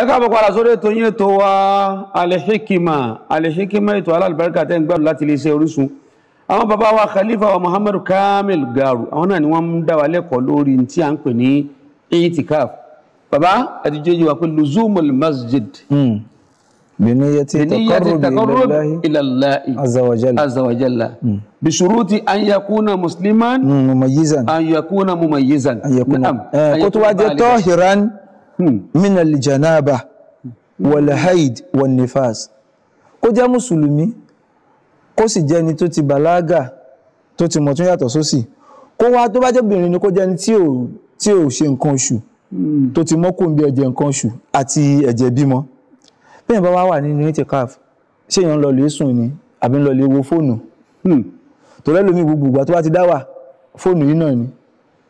ẹ káàbọ̀ padà sórí ètò yín ètò wa alihikima alihikima ètò alálùbáríkà tẹ́ ń gbádùn láti iléeṣẹ́ Orísun àwọn bàbá wa khalifa wa muhammadu kamil garu àwọn náà ni wọ́n ń dá wa lẹ́kọ̀ọ́ lórí tí à ń pè ní itikaf bàbá àti jẹ́jú wa pé luzumul masjid. Hmm. biniyati taqarrub ilallahi azza wa jalla hmm. bi shuruti an yakuna musliman hmm, mumayyizan an eh, tó wá Hmm. Mina lijanaba, janaba wal-haid wan-nifas kó jẹ́ mùsùlùmí kó sì jẹ́ ẹni tó ti bàlágà tó ti mọ̀ tún yàtọ̀ sósì kó wá tó bá jẹ́ obìnrin ni kó jẹ́ ẹni tí ò tí ò ṣe nǹkan oṣù hmm. tó ti mọ́ kó ń bí ẹ̀jẹ̀ nǹkan oṣù àti ẹ̀jẹ̀ bímọ bẹ́ẹ̀ bá wà nínú itikaf ṣé èèyàn lọ lè sùn ni àbí lọ lè wo fóònù hmm. tòlẹ́lòmí gbogbo tó bá ti dá fóònù yìí náà ni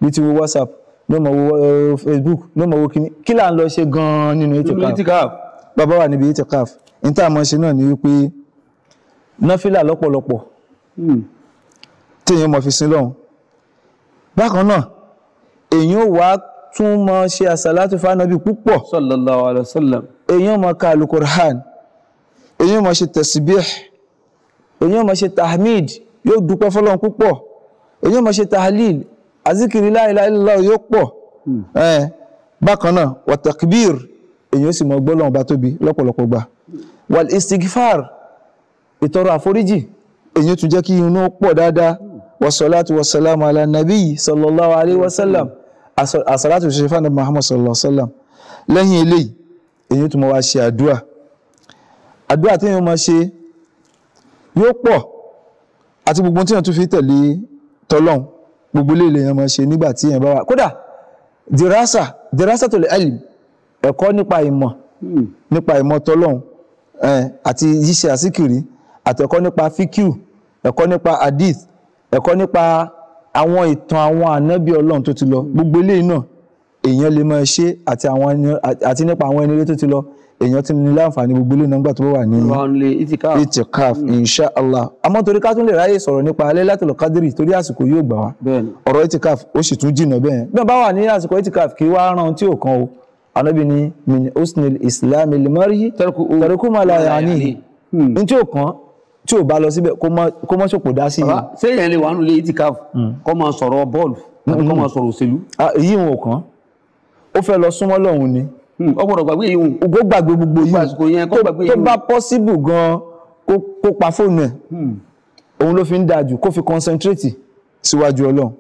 bí ti wo whatsapp ní ọmọ wo eh, facebook ní ọmọ wo kíní kí là ń lọ ṣe gan-an nínú itikaf bàbá wà níbi itikaf ní tá ṣe náà ni wípé náfìlà lọ́pọ̀lọpọ̀ hmm. téèyàn mọ̀ fi sin lọ́hùn bákan náà èèyàn wà tún mọ̀ ṣe àsàlátù fánábì púpọ̀ sallallahu alaihi wasallam èèyàn mọ̀ ka alukur'an èèyàn mọ̀ ṣe tasbih èèyàn mọ̀ ṣe tahmid yóò dúpẹ́ fọlọ́run púpọ̀ èèyàn mọ̀ ṣe tahlil azikiri la ilaha illallah yóò pọ̀ hmm. bákan náà watakbir èyàn sì mọ gbọ́lọ́wọ́n bá tóbi lọ́pọ̀lọpọ̀ gbà wal istighfar ìtọrọ àforíjì èyàn tún jẹ́ kí inú pọ̀ dáadáa wasalatu wasalamu ala nabi sallallahu alayhi wa sallam asalatu ṣe fana muhammad sallallahu alayhi wa sallam lẹ́yìn eléyìí èyàn tún mọ wá ṣe àdúrà àdúrà tí èyàn máa ṣe yóò pọ̀ àti gbogbo tí èyàn tún fi tẹ̀lé tọlọ́hun gbogbo ilé ilẹ̀ yẹn máa ṣe nígbà tí yẹn bá wà kódà dirasa dirasa tó lè ẹlì ẹ̀kọ́ nípa ìmọ̀ hmm. nípa ìmọ̀ tọ́lọ́hún eh, àti yíṣe àsìkiri àti ẹ̀kọ́ nípa fíkìú ẹ̀kọ́ nípa hadith ẹ̀kọ́ nípa àwọn ìtàn àwọn ànábì ọlọ́run tó ti lọ gbogbo ilé náà èèyàn lè máa ṣe àti nípa àwọn ẹni tó ti lọ èèyàn ti ní láǹfààní gbogbo ilé náà nígbà tó wà ní itikaf hmm. inshallah àmọ́ torí ká tún lè ráyè sọ̀rọ̀ nípa Laylatul Qadri torí àsìkò yóò gbà wá ọ̀rọ̀ itikaf ó sì tún jìnnà bẹ́ẹ̀ bí wọ́n bá wà ní àsìkò itikaf kì í ran tí ò kan o Ànábì ni min usnil islam ilmari tẹ̀rẹ̀kú ma la yà níhì ní tí ò kan tí ò bá lọ síbẹ̀ kó mọ́ ṣòpò dá sí yìí. ṣé èèyàn lè wà nílé itikaf hmm. kó máa sọ̀rọ̀ bọ́ọ̀lù kó máa sọ̀rọ̀ òṣèlú. Hmm. èyí wọn ò kàn ó fẹ́ lọ súnmọ́ lọ́hùn ni Hmm. ọgbọ́dọ̀ gbàgbé yìí hùn. ògbó gbàgbé gbogbo yìí àsìkò yẹn kó gbàgbé yìí hùn. tó bá pọ́síbù gan-an kó pa fóònù ẹ̀ hmm. òun ló fi ń dáa jù kó fi concentrate síwájú ọlọ́run.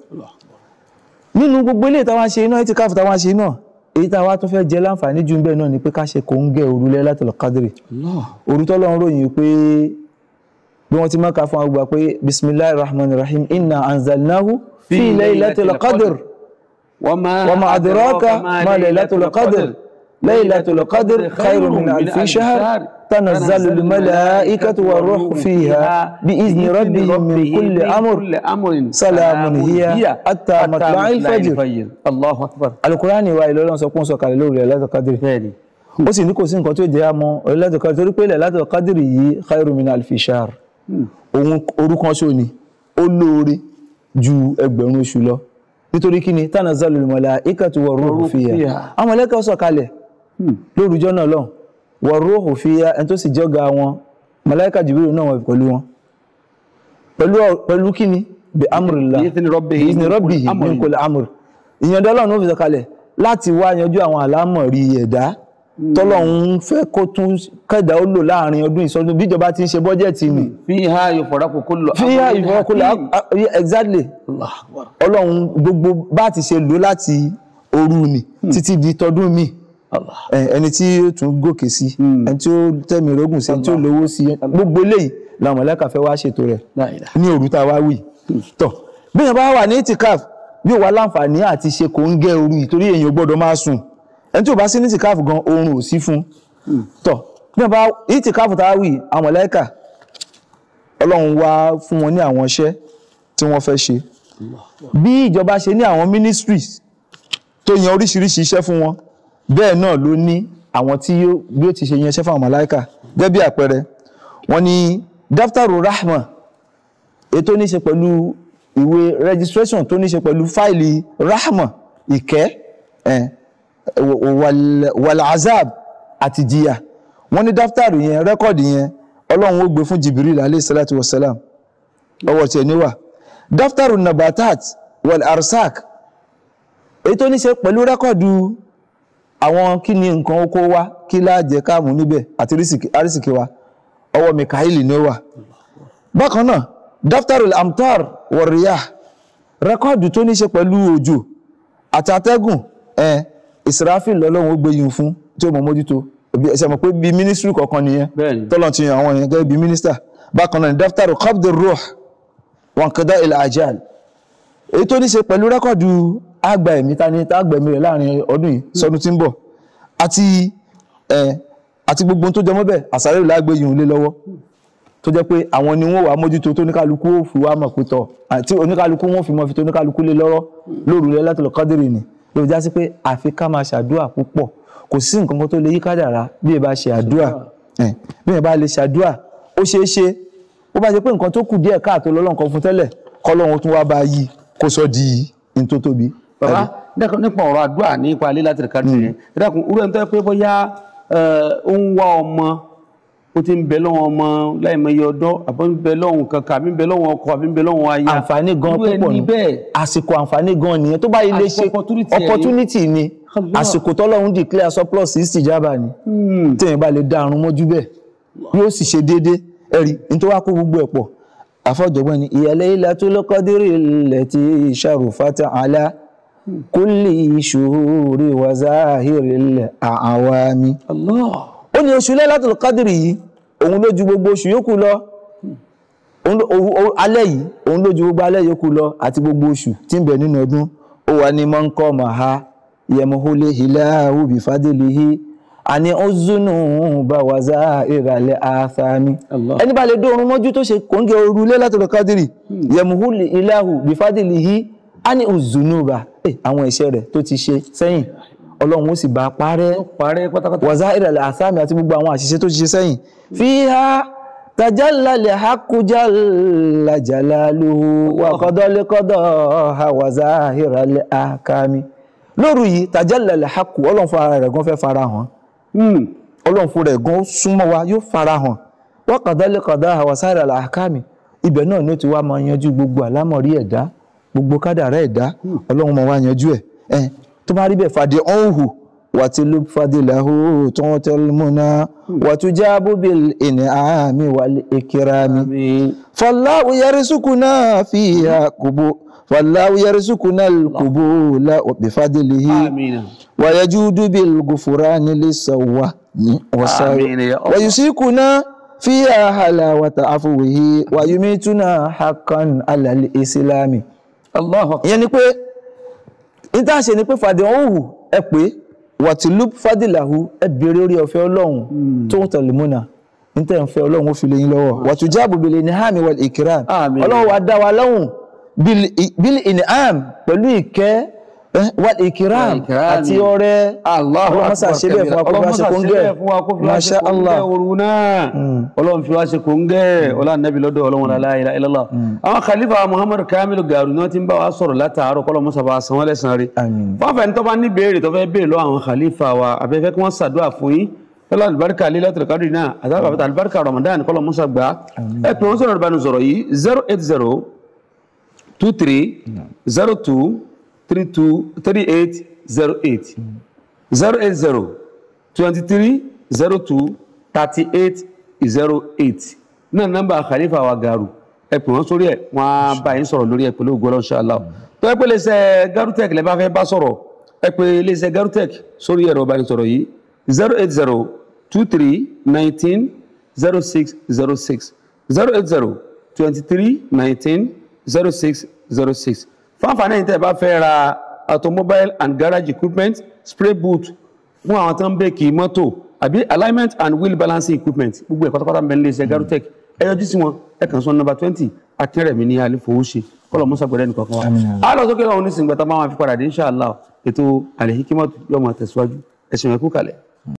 nínú gbogbo ilé ìtawá ṣe iná ètí káfù táwa ṣe náà èyí táwa tó fẹ́ jẹ láǹfààní jù bẹ́ẹ̀ náà ni pé ká ṣe kò ń gẹ òru lẹ́ látọ̀lọ́ kádìrì. òru tọ́lọ́run ròyìn pé bí wọ́n ti máa ka fún àgbà pé bisimilahi rahman rahim inna anzalnahu fi laylatil qadr wa ma adraka ma laylatul qadr. ليلة qadr خير من ألف شهر تنزل الملائكة malaikatu فيها بإذن fiha من كل أمر kulli amrin salamun hiya hatta matla'il fajr. Allahu akbar. alukurani wa ilé ọlọ́run sọ pé ó ń sọ kalẹ̀ lórí laylatul qadr ó sì ní kò sí nǹkan tó jẹ́ àmọ́ laylatul qadr torí pé laylatul qadr yìí khayrun min alfi shahr hmm. òun orúkọ ṣó ni ó lóore ju ẹgbẹ̀rún oṣù lọ nítorí kí ni tanazzalu al-mala'ikatu war-ruhu àwọn màláíkà sọ̀kalẹ̀ Hmm. lórúkọ náà lọ́hùn wọ̀rọ̀ òfìyà ẹni tó sì jọ́gà wọn màláíkà jìbìrì náà wọ̀ pẹ̀lú wọn pẹ̀lú pẹ̀lú kíni bi amurila bi izni rọ́bìhì min kulli amur ìyọ̀ǹda ọlọ́run ó fi sọ̀kalẹ̀ láti wá yanjú àwọn àlámọ̀rí ẹ̀dá hmm. tọ́lọ́run fẹ́ kó tún kẹ́dà ó lò láàrin ọdún ìsọdún bíjọba ti ń ṣe bọ́jẹ̀tì ni. fíhá ìfọ̀rọ̀kù kó lọ. fíhá ìfọ̀rọ̀kù kó lọ exactly ọlọ́run gbogbo bá ti ṣe lò láti òru ni hmm. títí di tọdún míì. Eh, hmm. ẹni tí ó tún gòkè sí ẹni tí ó tẹ̀mí rógùn sí ẹni tí ó lówó sí gbogbo eléyìí làwọn mọ̀lẹ́kà fẹ́ wá ṣètò rẹ̀ ní òru tá a wá wì hmm. tọ̀ bí èèyàn bá wà ní itikaf yóò wá láǹfààní àti ṣe kò ń gẹ òru yìí torí èèyàn gbọ́dọ̀ máa sùn ẹni tí ò bá sí ní itikaf gan oorun ò sí fún hmm. tọ̀ bí èèyàn bá itikaf tá a wì àwọn mọ̀lẹ́kà ọlọ́run wá fún wọn ní àwọn iṣẹ́ tí wọ́n fẹ́ ṣe bí ìjọba ṣe ní àwọn ministries tó yan oríṣiríṣi iṣẹ́ fún wọn bẹ́ẹ̀ náà ló ní àwọn tí bí ó ti ṣe yẹnṣẹ́ fáwọn màláìkà gẹ́gẹ́ àpẹẹrẹ wọ́n ní daftaru rahma ètò ní ṣe pẹ̀lú ìwé registration tó ní ṣe pẹ̀lú fáìlì rahma ìkẹ́ wàlàzab àti jìyà wọ́n ní daftaru yẹn rẹ́kọ̀dì yẹn ọlọ́run ó gbé fún jibril alayhi salatu wa salam ọwọ́ tiẹ̀ níwà daftaru nabatat wal arsak èyí tó ní ṣe pẹ̀lú rẹ́kọ̀dù àwọn kí ni nǹkan oko wa kí láàjẹ káàmù níbẹ̀ àti àrísìkí wa ọwọ́ mikaeli ni ó wà. bákan náà daftarul amtar warriya rẹ́kọ́ọ̀dù tó ní pẹ̀lú òjò àti atẹ́gùn ẹ̀ israfil lọ́lọ́run ó gbẹ̀yìn fún tí ó mọ̀ mójútó ṣe mọ̀ pé bíi mínísírì kọ̀ọ̀kan nìyẹn tọ́lọ̀ ti yan àwọn èèyàn gẹ́gẹ́ bíi mínísítà bákan náà daftarul qabd ruh wankada il ajal èyí tó ní pẹ̀lú rẹ́kọ́ọ̀dù á gba ẹ̀mí ta ni tá gbẹ̀mí rẹ̀ láàrin ọdún yìí sọdún tí ń bọ̀ àti ẹ àti gbogbo ohun tó jẹ mọ́ bẹ́ẹ̀ àsáré ìlà àgbẹ̀ yìí ń lé lọ́wọ́ tó jẹ́ pé àwọn ni wọ́n wà mójútó tóníkàlùkù ó fi wá mọ̀ pé tọ̀ àti oníkàlùkù wọ́n fi mọ̀ fi tóníkàlùkù lé lọ́rọ́ lóru rẹ̀ látọ̀lọ́ kádìrì ni ló já sí pé àfi ká máa ṣàdúà púpọ̀ kò sí nǹkan kan tó lè yí kádàrá bí ẹ bá ṣe àdúà bí ẹ bá lè ṣàdúà ó ṣeé ṣe ó bá ṣe pé nǹkan tó kù díẹ̀ káàtó lọ́lọ́ nǹkan fún tẹ́lẹ̀ kọ́ lọ́run tún wá bá yí kó sọ di ntótóbi bàbá nípa ọ̀rọ̀ àdúrà nípa ilé láti rìkà dìrín ẹ dákun irú ẹni tó yẹ pé bóyá ó ń wá ọmọ ó ti ń bẹ lọ́wọ́ ọmọ láìmọye ọ̀dọ́ àbọ̀ ń bẹ lọ́wọ́ kankan àbí ń bẹ lọ́wọ́ ọkọ àbí ń bẹ lọ́wọ́ aya. àǹfààní gan púpọ̀ nù àsìkò àǹfààní gan nìyẹn tó bá yẹ lè ṣe opportunity ni àsìkò tọ́lọ́run declare surplus sí ìjábà ni hmm. tẹ̀yìn bá lè dá àrùn mọ́jú bẹ́ẹ̀ yóò sì ṣe déédéé ẹ̀rí nítorí wàá kó gbogbo ẹ̀ pọ̀ àfọ̀jọ̀gbọ́n ni ìyàlẹ́ ilẹ̀ tó lọ́kọ́ dérè ilẹ̀ ti ṣàròfàtà àlá kulli shuhuri wa zahiril a'awami. ó ní oṣù Laylatul Qadri yìí òun ló ju gbogbo oṣù yòókù lọ alẹ́ yìí òun ló ju gbogbo alẹ́ yòókù lọ àti gbogbo oṣù tí ń bẹ nínú ọdún ó wà ní mọ́ńkọ́ màá yẹmuhule hilahu bifadilihi àní ozunu bawaza ìràlẹ àfààní. ẹni bá lè dóorun mọ́jú tó ṣe kòńgẹ́ òru Laylatul Qadri hmm. yẹmuhule hilahu bifadilihi àní ozunuba àwọn ẹ̀ṣẹ̀ rẹ̀ tó ti ṣe sẹ́yìn ọlọ́run ó sì bá parẹ́ wàzá ìrẹ̀lẹ̀ àsámi àti gbogbo àwọn àṣìṣe tó ti ṣe sẹ́yìn fi ha tajallalẹ̀ hakujalalu wà kọ́dọ́lékọ́dọ́ ha wàzá ìrẹ̀lẹ̀ àkàmi lóru yìí tajallalẹ̀ haku ọlọ́run fún ara rẹ̀ gan fẹ́ fara hàn hmm. ọlọ́run fún rẹ̀ gan súnmọ́ wa yóò fara hàn wà kọ́dọ́lékọ́dọ́ ha wàzá ìrẹ̀lẹ̀ àkàmi ibẹ̀ náà ni ó ti wá máa yanjú gbogbo àlámọ̀rí ẹ̀dá gbogbo kádàrá ẹ̀dá ọlọ́run máa wá yanjú ẹ̀ tó bá rí bẹ́ẹ̀ fàdé ọ̀hún wàtí ló fàdé làhó tó wọ́n tẹ́ mọ́nà wàtú já bóbi ìní àmì wà ìkírà mi. fọláwù yarisukù náà fi ìhà kúbó fọláwù yarisukù náà kúbó láwọ̀bí fàdé lèhi wàyájú dúbí gòfòrá nílé sàwà ní ọ̀sán wàyùsíkù náà fi àhàlà wàtà àfọwèhí wàyùmí túnà hakan alàlẹ́ ìsìlámì ìyẹn ni pé ìtàṣe ni pé fàdé ọ̀hún ẹ pé wàtìlú fàdílàhù ẹ béèrè orí ọ̀fẹ́ ọlọ́run hmm. tó ń tẹ̀lé múnà níta ń fẹ́ ọlọ́run ó fi lè yín lọ́wọ́ wàtújá àbòbèlè ní hàmì wal ìkìrà ọlọ́run wa dá wa lọ́hùn bíl ìní hàm pẹ̀lú ìkẹ́ Eh, wal ikiram àti ọrẹ Allahu akbar ṣẹlẹ̀ fún akófin aṣẹ kóńgẹ́ masha Allah ọlọ́run fi wá ṣe kóńgẹ́ ọlọ́run nẹ́bí hmm. hmm. lọ́dọ̀ ọlọ́run la ilaha illallah hmm. àwọn khalifa muhammadu kamilu Garuna náà ti ń bá wa sọ̀rọ̀ látàárọ̀ kọ́lọ́ bá sanwó lẹ́sàn rí fáfẹ́ ní tọ́ba ní béèrè tọ́fẹ́ béèrè lọ àwọn khalifa wa abẹ́fẹ́ kí wọ́n ṣàdúrà fún yín tọ́lá alibarika Lailatul Qadri náà àtàwọn alibarika Ramadan kọ́lọ́ gbà ẹ̀ pé wọ́n sọ̀rọ̀ ìbánisọ̀rọ̀ yìí zero eight zero two three zero two three two three eight zero eight zero eight zero twenty three zero two thirty eight zero eight náà nọ́mbà Khalifa wa garu ẹ pè wọn sórí ẹ wọn á bá yín sọ̀rọ̀ lórí ẹ pẹ̀lú ògbọlọ ṣáláà tó ẹ pé lè ṣe garutech lè bá fẹ́ bá sọ̀rọ̀ ẹ pé lè ṣe garutech sórí ẹ̀rọ ìbánisọ̀rọ̀ yìí zero eight zero two three nineteen zero six zero six zero eight zero twenty three nineteen zero six zero six fáfàánà yìí tẹ́ bá fẹ́ ra automobile and garage equipment spray boot fún àwọn tó ń bẹ́ẹ̀kì mọ́tò àbí alignment and wheel balancing equipment gbogbo ẹ̀ pátápátá ń bẹ nílé iṣẹ́ Garutech ẹ yọjú sí wọn ẹ kàn sọ nọ́mbà twenty akínrẹ̀mí ní àlefowóṣe kọ́lọ̀ musa gbẹ̀rẹ̀ nìkan kan wa a lọ sókè lọ́wọ́ nísìnyí gbàtà máa fi padà dé inṣàlá ètò àlèhíkímọ́tò yọmọ tẹ̀síwájú ẹ̀sìn ẹ̀kú kalẹ̀.